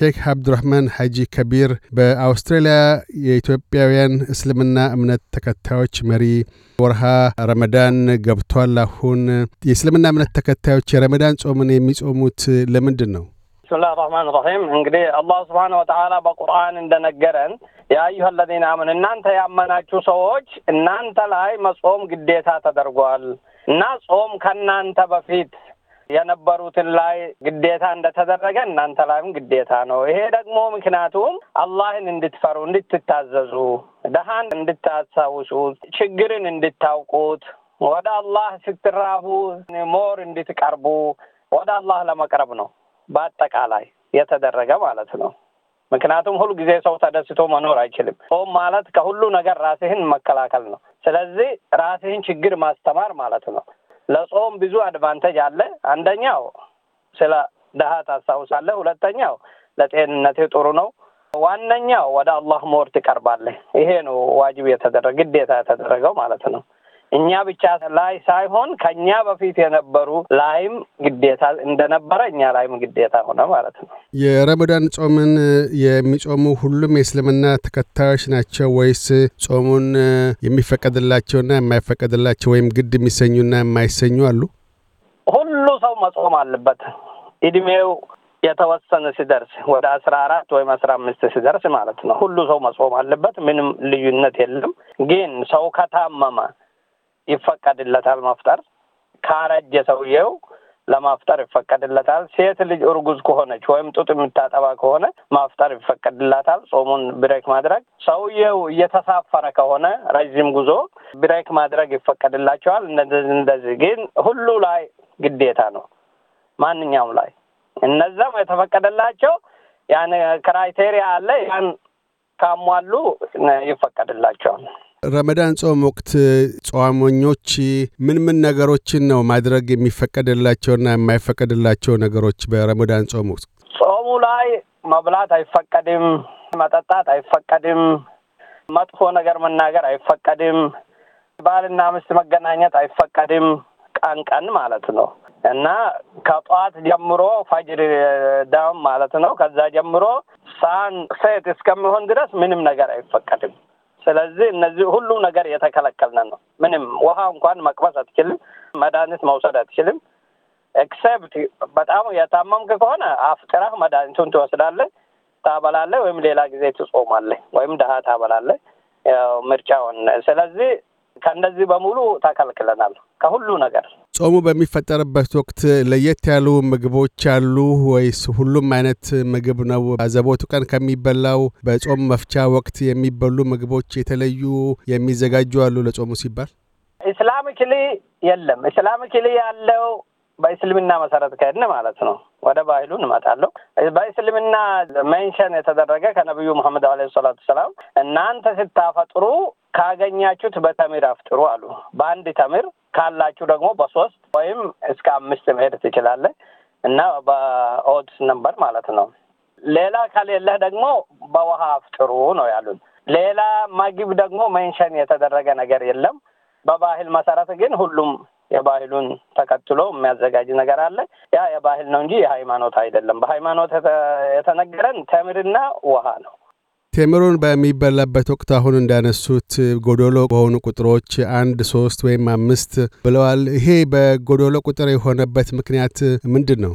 ሼክ አብዱራህማን ሐጂ ከቢር በአውስትራሊያ የኢትዮጵያውያን እስልምና እምነት ተከታዮች መሪ። ወርሃ ረመዳን ገብቷል። አሁን የእስልምና እምነት ተከታዮች የረመዳን ጾምን የሚጾሙት ለምንድን ነው? ብስሚላህ ራህማን ራሒም እንግዲህ አላህ ስብሓን ወተዓላ በቁርአን እንደነገረን የአዩሀ ለዚነ አመኑ እናንተ ያመናችሁ ሰዎች እናንተ ላይ መጾም ግዴታ ተደርጓል እና ጾም ከእናንተ በፊት የነበሩትን ላይ ግዴታ እንደተደረገ እናንተ ላይም ግዴታ ነው። ይሄ ደግሞ ምክንያቱም አላህን እንድትፈሩ እንድትታዘዙ፣ ደሃን እንድታስታውሱት ችግርን እንድታውቁት፣ ወደ አላህ ስትራቡ ሞር እንድትቀርቡ፣ ወደ አላህ ለመቅረብ ነው በአጠቃላይ የተደረገ ማለት ነው። ምክንያቱም ሁሉ ጊዜ ሰው ተደስቶ መኖር አይችልም። ጾም ማለት ከሁሉ ነገር ራስህን መከላከል ነው። ስለዚህ ራስህን ችግር ማስተማር ማለት ነው። ለጾም ብዙ አድቫንቴጅ አለ። አንደኛው ስለ ድሀ ታስታውሳለህ። ሁለተኛው ለጤንነቴ ጥሩ ነው። ዋነኛው ወደ አላህ ሞር ትቀርባለህ። ይሄ ነው ዋጅብ የተደረገ ግዴታ የተደረገው ማለት ነው። እኛ ብቻ ላይ ሳይሆን ከኛ በፊት የነበሩ ላይም ግዴታ እንደነበረ እኛ ላይም ግዴታ ሆነ ማለት ነው። የረመዳን ጾምን የሚጾሙ ሁሉም የእስልምና ተከታዮች ናቸው ወይስ ጾሙን የሚፈቀድላቸውና የማይፈቀድላቸው ወይም ግድ የሚሰኙና የማይሰኙ አሉ? ሁሉ ሰው መጾም አለበት እድሜው የተወሰነ ሲደርስ ወደ አስራ አራት ወይም አስራ አምስት ሲደርስ ማለት ነው። ሁሉ ሰው መጾም አለበት። ምንም ልዩነት የለም። ግን ሰው ከታመመ ይፈቀድለታል መፍጠር ካረጀ ሰውየው ለማፍጠር ይፈቀድለታል። ሴት ልጅ እርጉዝ ከሆነች ወይም ጡጥ የምታጠባ ከሆነ ማፍጠር ይፈቀድላታል። ጾሙን ብሬክ ማድረግ። ሰውየው እየተሳፈረ ከሆነ ረዥም ጉዞ ብሬክ ማድረግ ይፈቀድላቸዋል። እንደዚህ እንደዚህ ግን ሁሉ ላይ ግዴታ ነው። ማንኛውም ላይ እነዛም የተፈቀደላቸው ያን ክራይቴሪያ አለ። ያን ካሟሉ ይፈቀድላቸዋል። ረመዳን ጾም ወቅት ጾመኞች ምን ምን ነገሮችን ነው ማድረግ የሚፈቀድላቸውና የማይፈቀድላቸው ነገሮች? በረመዳን ጾም ውስጥ? ጾሙ ላይ መብላት አይፈቀድም፣ መጠጣት አይፈቀድም፣ መጥፎ ነገር መናገር አይፈቀድም፣ ባልና ምስት መገናኘት አይፈቀድም። ቀን ቀን ማለት ነው እና ከጠዋት ጀምሮ ፈጅር ዳም ማለት ነው። ከዛ ጀምሮ ሳን ሴት እስከሚሆን ድረስ ምንም ነገር አይፈቀድም። ስለዚህ እነዚህ ሁሉ ነገር የተከለከልን ነው። ምንም ውሃ እንኳን መቅመስ አትችልም። መድኃኒት መውሰድ አትችልም። ኤክሴፕት በጣም የታመምክ ከሆነ አፍጥራህ መድኃኒቱን ትወስዳለህ፣ ታበላለህ፣ ወይም ሌላ ጊዜ ትጾማለህ፣ ወይም ድሀ ታበላለህ። ምርጫውን ስለዚህ ከእነዚህ በሙሉ ተከልክለናል ከሁሉ ነገር ጾሙ በሚፈጠርበት ወቅት ለየት ያሉ ምግቦች አሉ ወይስ ሁሉም አይነት ምግብ ነው? አዘቦቱ ቀን ከሚበላው በጾም መፍቻ ወቅት የሚበሉ ምግቦች የተለዩ የሚዘጋጁ አሉ ለጾሙ ሲባል? ኢስላሚክሊ የለም። ኢስላሚክሊ ያለው በእስልምና መሰረት ከሄድን ማለት ነው። ወደ ባህሉ እንመጣለሁ። በእስልምና መንሸን የተደረገ ከነቢዩ መሐመድ አለ ሰላቱ ሰላም እናንተ ስታፈጥሩ ካገኛችሁት በተምር አፍጥሩ አሉ። በአንድ ተምር ካላችሁ ደግሞ በሶስት ወይም እስከ አምስት መሄድ ትችላለህ እና በኦድስ ነበር ማለት ነው። ሌላ ከሌለህ ደግሞ በውሃ አፍጥሩ ነው ያሉን። ሌላ ምግብ ደግሞ መንሸን የተደረገ ነገር የለም። በባህል መሰረት ግን ሁሉም የባህሉን ተከትሎ የሚያዘጋጅ ነገር አለ። ያ የባህል ነው እንጂ የሃይማኖት አይደለም። በሃይማኖት የተነገረን ተምርና ውሃ ነው። ቴምሩን በሚበላበት ወቅት አሁን እንዳነሱት ጎዶሎ በሆኑ ቁጥሮች አንድ ሶስት ወይም አምስት ብለዋል። ይሄ በጎዶሎ ቁጥር የሆነበት ምክንያት ምንድን ነው?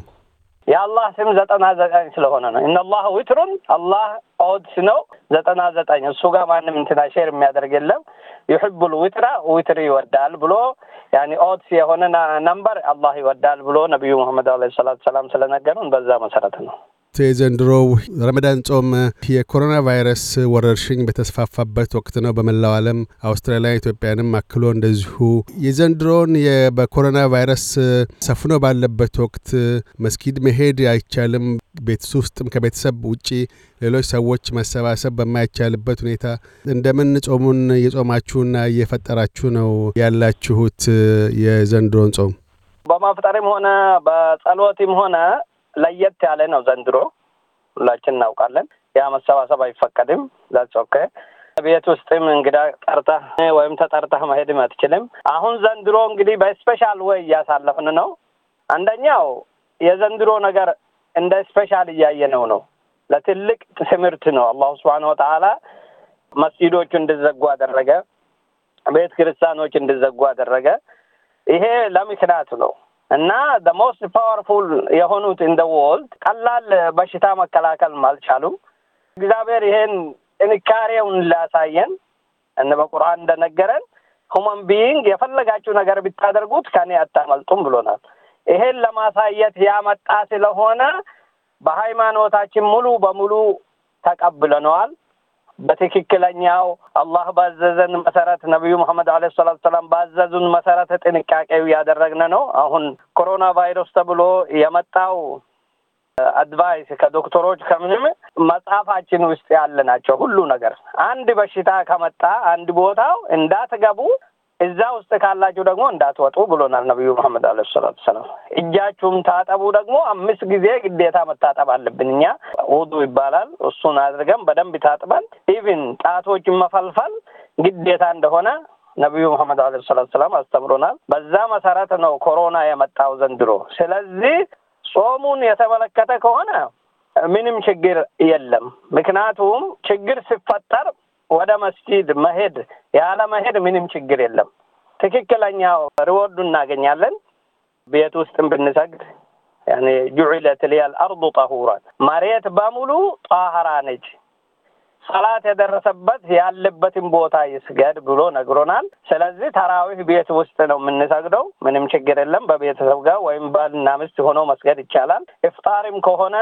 የአላህ ስም ዘጠና ዘጠኝ ስለሆነ ነው። እነላህ ዊትሩን አላህ ኦድስ ነው ዘጠና ዘጠኝ እሱ ጋር ማንም እንትና ሼር የሚያደርግ የለም። ዩሕቡል ዊትራ ዊትር ይወዳል ብሎ ያኒ ኦድስ የሆነ ነንበር አላህ ይወዳል ብሎ ነቢዩ መሐመድ አለይሂ ሰላም ስለነገሩን በዛ መሰረት ነው። የዘንድሮው ረመዳን ጾም የኮሮና ቫይረስ ወረርሽኝ በተስፋፋበት ወቅት ነው። በመላው ዓለም አውስትራሊያ፣ ኢትዮጵያንም አክሎ እንደዚሁ የዘንድሮውን በኮሮና ቫይረስ ሰፍኖ ባለበት ወቅት መስጊድ መሄድ አይቻልም። ቤት ውስጥም ከቤተሰብ ውጪ ሌሎች ሰዎች መሰባሰብ በማይቻልበት ሁኔታ እንደምን ጾሙን እየጾማችሁና እየፈጠራችሁ ነው ያላችሁት የዘንድሮን ጾም በማፍጠሪም ሆነ በጸሎትም ሆነ ለየት ያለ ነው ዘንድሮ። ሁላችን እናውቃለን፣ ያ መሰባሰብ አይፈቀድም። ዛትስ ኦኬ። ቤት ውስጥም እንግዳ ጠርተህ ወይም ተጠርተህ መሄድም አትችልም። አሁን ዘንድሮ እንግዲህ በስፔሻል ወይ እያሳለፍን ነው። አንደኛው የዘንድሮ ነገር እንደ ስፔሻል እያየነው ነው። ለትልቅ ትምህርት ነው። አላሁ ስብሐነ ወተዓላ መስጂዶቹ እንዲዘጉ አደረገ። ቤተ ክርስቲያኖች እንዲዘጉ አደረገ። ይሄ ለምክንያት ነው። እና ሞስት ፓወርፉል የሆኑት ኢን ደ ወርልድ ቀላል በሽታ መከላከል አልቻሉም። እግዚአብሔር ይሄን ጥንካሬውን ላሳየን እነ በቁርአን እንደነገረን ሁማን ቢይንግ የፈለጋችሁ ነገር ብታደርጉት ከኔ አታመልጡም ብሎናል። ይሄን ለማሳየት ያመጣ ስለሆነ በሃይማኖታችን ሙሉ በሙሉ ተቀብለነዋል። በትክክለኛው አላህ ባዘዘን መሰረት ነቢዩ መሐመድ አለ ሰላት ሰላም ባዘዙን መሰረት ጥንቃቄው ያደረግነ ነው። አሁን ኮሮና ቫይረስ ተብሎ የመጣው አድቫይስ ከዶክተሮች ከምንም መጽሐፋችን ውስጥ ያለ ናቸው። ሁሉ ነገር አንድ በሽታ ከመጣ አንድ ቦታው እንዳትገቡ እዛ ውስጥ ካላችሁ ደግሞ እንዳትወጡ ብሎናል ነቢዩ መሐመድ አለ ሰላት ሰላም። እጃችሁም ታጠቡ ደግሞ አምስት ጊዜ ግዴታ መታጠብ አለብን እኛ ውዱ ይባላል። እሱን አድርገን በደንብ ታጥበን ኢቭን ጣቶችን መፈልፈል ግዴታ እንደሆነ ነቢዩ መሐመድ አለ ሰላት ሰላም አስተምሮናል። በዛ መሰረት ነው ኮሮና የመጣው ዘንድሮ። ስለዚህ ጾሙን የተመለከተ ከሆነ ምንም ችግር የለም። ምክንያቱም ችግር ሲፈጠር ወደ መስጂድ መሄድ ያለ መሄድ ምንም ችግር የለም። ትክክለኛው ሪወርዱ እናገኛለን። ቤት ውስጥም ብንሰግድ ያኔ ጁዒለት ልያል አርዱ ጠሁራን መሬት በሙሉ ጣህራ ነች። ሰላት የደረሰበት ያለበትን ቦታ ይስገድ ብሎ ነግሮናል። ስለዚህ ተራዊህ ቤት ውስጥ ነው የምንሰግደው። ምንም ችግር የለም። በቤተሰብ ጋር ወይም ባልና ምስት ሆኖ መስገድ ይቻላል። ኢፍጣሪም ከሆነ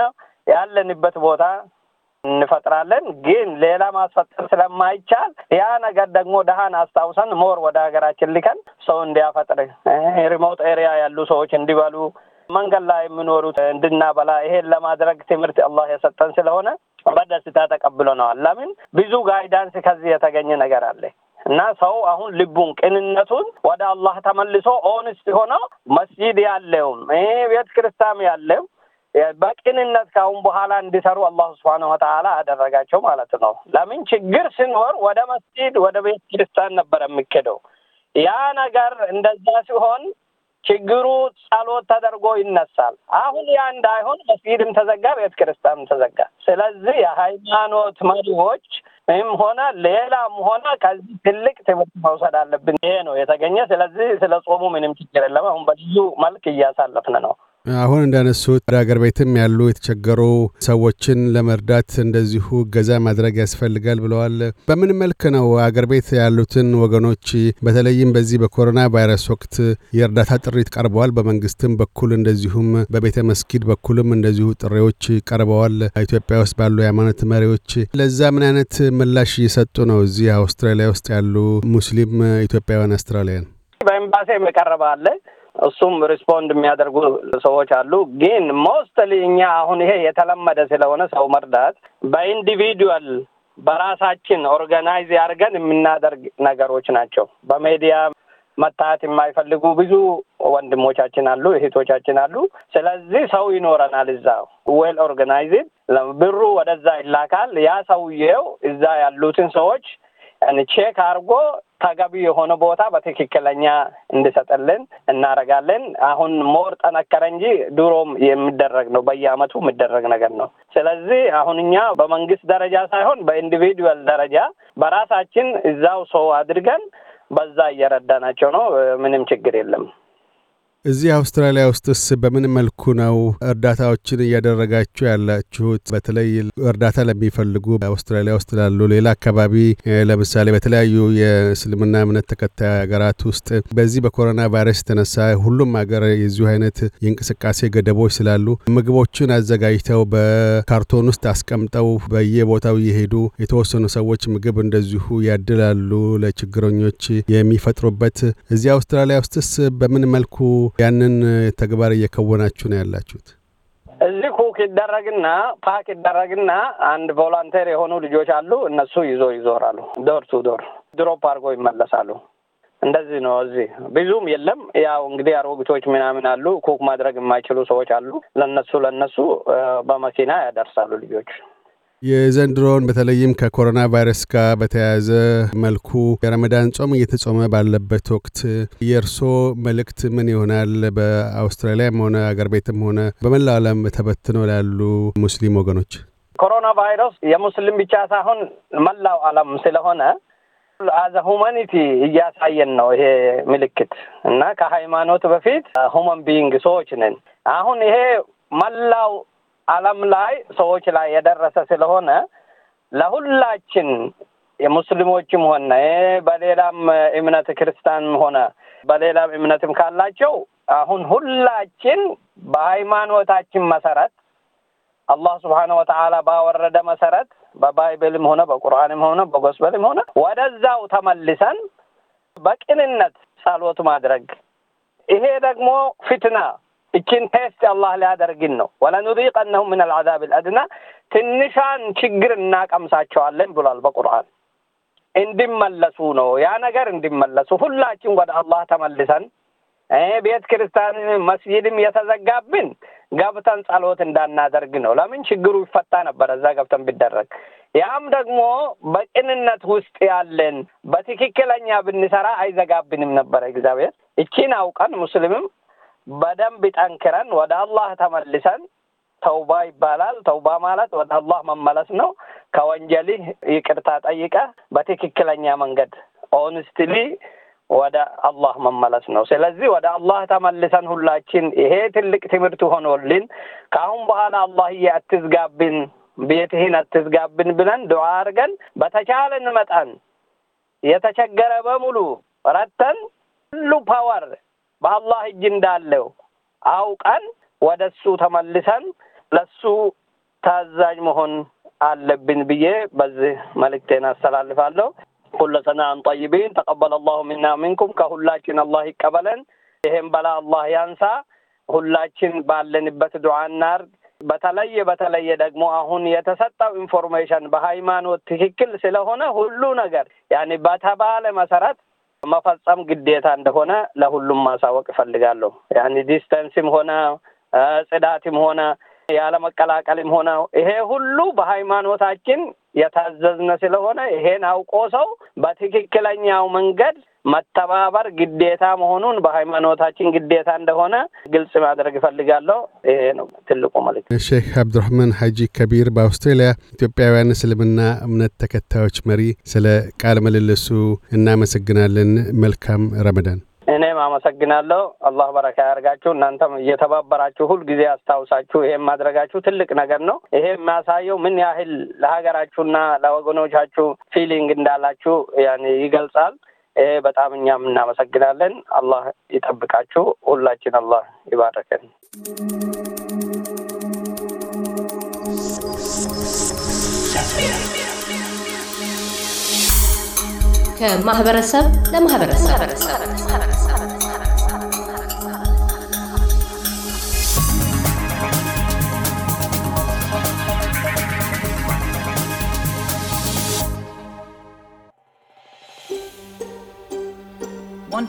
ያለንበት ቦታ እንፈጥራለን። ግን ሌላ ማስፈጠር ስለማይቻል ያ ነገር ደግሞ ድሀን አስታውሰን ሞር ወደ ሀገራችን ልከን ሰው እንዲያፈጥር ሪሞት ኤሪያ ያሉ ሰዎች እንዲበሉ መንገድ ላይ የሚኖሩት እንድናበላ ይሄን ለማድረግ ትምህርት አላህ የሰጠን ስለሆነ በደስታ ተቀብለነዋል። ለምን ብዙ ጋይዳንስ ከዚህ የተገኘ ነገር አለ እና ሰው አሁን ልቡን ቅንነቱን ወደ አላህ ተመልሶ ኦንስት ሆነው መስጂድ ያለውም ቤተ ክርስቲያን ያለው በቅንነት ካሁን በኋላ እንዲሰሩ አላሁ ስብሓነሁ ወተዓላ አደረጋቸው ማለት ነው። ለምን ችግር ሲኖር ወደ መስጂድ ወደ ቤተ ክርስቲያን ነበር የሚኬደው። ያ ነገር እንደዛ ሲሆን ችግሩ ጸሎት ተደርጎ ይነሳል። አሁን ያ እንዳይሆን መስጊድም ተዘጋ፣ ቤተ ክርስቲያንም ተዘጋ። ስለዚህ የሃይማኖት መሪዎች ይህም ሆነ ሌላም ሆነ ከዚህ ትልቅ ትምህርት መውሰድ አለብን። ይሄ ነው የተገኘ። ስለዚህ ስለ ጾሙ ምንም ችግር የለም። አሁን በልዩ መልክ እያሳለፍን ነው። አሁን እንዳነሱት ሀገር ቤትም ያሉ የተቸገሩ ሰዎችን ለመርዳት እንደዚሁ እገዛ ማድረግ ያስፈልጋል ብለዋል። በምን መልክ ነው አገር ቤት ያሉትን ወገኖች በተለይም በዚህ በኮሮና ቫይረስ ወቅት የእርዳታ ጥሪት ቀርበዋል? በመንግስትም በኩል እንደዚሁም በቤተ መስጊድ በኩልም እንደዚሁ ጥሪዎች ቀርበዋል። ኢትዮጵያ ውስጥ ባሉ የሃይማኖት መሪዎች ለዛ ምን አይነት ምላሽ እየሰጡ ነው? እዚህ አውስትራሊያ ውስጥ ያሉ ሙስሊም ኢትዮጵያውያን አውስትራሊያን በኤምባሲ የቀረበ አለ እሱም ሪስፖንድ የሚያደርጉ ሰዎች አሉ። ግን ሞስትሊ እኛ አሁን ይሄ የተለመደ ስለሆነ ሰው መርዳት በኢንዲቪዱዋል በራሳችን ኦርጋናይዝ ያድርገን የምናደርግ ነገሮች ናቸው። በሜዲያ መታየት የማይፈልጉ ብዙ ወንድሞቻችን አሉ፣ እህቶቻችን አሉ። ስለዚህ ሰው ይኖረናል እዛ ዌል ኦርጋናይዝ ብሩ ወደዛ ይላካል። ያ ሰውዬው እዛ ያሉትን ሰዎች ቼክ አድርጎ ተገቢ የሆነ ቦታ በትክክለኛ እንድሰጠልን እናደርጋለን። አሁን ሞር ጠነከረ እንጂ ድሮም የሚደረግ ነው፣ በየአመቱ የሚደረግ ነገር ነው። ስለዚህ አሁን እኛ በመንግስት ደረጃ ሳይሆን በኢንዲቪድዋል ደረጃ በራሳችን እዛው ሰው አድርገን በዛ እየረዳናቸው ነው። ምንም ችግር የለም። እዚህ አውስትራሊያ ውስጥስ በምን መልኩ ነው እርዳታዎችን እያደረጋችሁ ያላችሁት? በተለይ እርዳታ ለሚፈልጉ አውስትራሊያ ውስጥ ላሉ ሌላ አካባቢ ለምሳሌ በተለያዩ የእስልምና እምነት ተከታይ ሀገራት ውስጥ በዚህ በኮሮና ቫይረስ የተነሳ ሁሉም ሀገር የዚሁ አይነት የእንቅስቃሴ ገደቦች ስላሉ ምግቦችን አዘጋጅተው በካርቶን ውስጥ አስቀምጠው በየቦታው እየሄዱ የተወሰኑ ሰዎች ምግብ እንደዚሁ ያድላሉ ለችግረኞች የሚፈጥሩበት እዚህ አውስትራሊያ ውስጥስ በምን መልኩ ያንን ተግባር እየከወናችሁ ነው ያላችሁት? እዚህ ኩክ ይደረግና ፓክ ይደረግና አንድ ቮላንቴር የሆኑ ልጆች አሉ። እነሱ ይዞ ይዞራሉ፣ ዶር ቱ ዶር ድሮፕ አድርጎ ይመለሳሉ። እንደዚህ ነው። እዚህ ብዙም የለም። ያው እንግዲህ አሮጊቶች ምናምን አሉ፣ ኩክ ማድረግ የማይችሉ ሰዎች አሉ። ለነሱ ለነሱ በመኪና ያደርሳሉ ልጆች የዘንድሮን በተለይም ከኮሮና ቫይረስ ጋር በተያያዘ መልኩ የረመዳን ጾም እየተጾመ ባለበት ወቅት የእርሶ መልእክት ምን ይሆናል? በአውስትራሊያም ሆነ አገር ቤትም ሆነ በመላው ዓለም ተበትኖ ላሉ ሙስሊም ወገኖች ኮሮና ቫይረስ የሙስሊም ብቻ ሳይሆን መላው ዓለም ስለሆነ አዘ ሁማኒቲ እያሳየን ነው ይሄ ምልክት እና ከሃይማኖት በፊት ሁማን ቢንግ ሰዎች ነን። አሁን ይሄ መላው ዓለም ላይ ሰዎች ላይ የደረሰ ስለሆነ ለሁላችን የሙስሊሞችም ሆነ በሌላም እምነት ክርስቲያንም ሆነ በሌላም እምነትም ካላቸው አሁን ሁላችን በሃይማኖታችን መሰረት አላህ ስብሓን ወተዓላ ባወረደ መሰረት በባይብልም ሆነ በቁርአንም ሆነ በጎስበልም ሆነ ወደዛው ተመልሰን በቅንነት ጸሎት ማድረግ ይሄ ደግሞ ፊትና እችን ቴስት አላህ ሊያደርግን ነው። ወለኑዚቀነሁም ምን አልዓዛብ አልአድና ትንሿን ችግር እናቀምሳቸዋለን ብሏል በቁርአን እንዲመለሱ ነው። ያ ነገር እንዲመለሱ ሁላችን ወደ አላህ ተመልሰን ቤተ ክርስቲያንም መስጂድም የተዘጋብን ገብተን ጸሎት እንዳናደርግ ነው። ለምን ችግሩ ይፈታ ነበር እዛ ገብተን ቢደረግ። ያም ደግሞ በቅንነት ውስጥ ያለን በትክክለኛ ብንሰራ አይዘጋብንም ነበረ እግዚአብሔር። እቺን አውቀን ሙስሊምም በደንብ ጠንክረን ወደ አላህ ተመልሰን ተውባ ይባላል። ተውባ ማለት ወደ አላህ መመለስ ነው። ከወንጀልህ ይቅርታ ጠይቀህ በትክክለኛ መንገድ ኦንስትሊ ወደ አላህ መመለስ ነው። ስለዚህ ወደ አላህ ተመልሰን ሁላችን ይሄ ትልቅ ትምህርት ሆኖልን ከአሁን በኋላ አላህዬ አትዝጋብን፣ ቤትህን አትዝጋብን ብለን ዱዓ አድርገን በተቻለን መጠን የተቸገረ በሙሉ ረተን ሁሉ ፓወር በአላህ እጅ እንዳለው አውቀን ወደ እሱ ተመልሰን ለሱ ታዛዥ መሆን አለብን ብዬ በዚህ መልእክቴን አስተላልፋለሁ። ኩለ ሰናን ጠይቢን ተቀበለ አላሁ ሚና ሚንኩም። ከሁላችን አላህ ይቀበለን። ይሄን በላ አላህ ያንሳ። ሁላችን ባለንበት ዱዓ እናርግ። በተለየ በተለየ ደግሞ አሁን የተሰጠው ኢንፎርሜሽን በሃይማኖት ትክክል ስለሆነ ሁሉ ነገር ያኔ በተባለ መሰረት መፈጸም ግዴታ እንደሆነ ለሁሉም ማሳወቅ እፈልጋለሁ። ያን ዲስተንስም ሆነ ጽዳትም ሆነ ያለመቀላቀልም ሆነ ይሄ ሁሉ በሃይማኖታችን የታዘዝነ ስለሆነ ይሄን አውቆ ሰው በትክክለኛው መንገድ መተባበር ግዴታ መሆኑን በሃይማኖታችን ግዴታ እንደሆነ ግልጽ ማድረግ እፈልጋለሁ። ይሄ ነው ትልቁ መልዕክት። ሼክ አብዱራህማን ሀጂ ከቢር በአውስትሬሊያ ኢትዮጵያውያን እስልምና እምነት ተከታዮች መሪ፣ ስለ ቃለ ምልልሱ እናመሰግናለን። መልካም ረመዳን። እኔም አመሰግናለሁ። አላህ በረካ ያርጋችሁ እናንተም እየተባበራችሁ ሁልጊዜ አስታውሳችሁ ይሄም ማድረጋችሁ ትልቅ ነገር ነው። ይሄ የሚያሳየው ምን ያህል ለሀገራችሁና ለወገኖቻችሁ ፊሊንግ እንዳላችሁ ያኔ ይገልጻል። በጣም እኛም እናመሰግናለን። አላህ ይጠብቃችሁ። ሁላችን አላህ ይባረከን። ከማህበረሰብ ለማህበረሰብ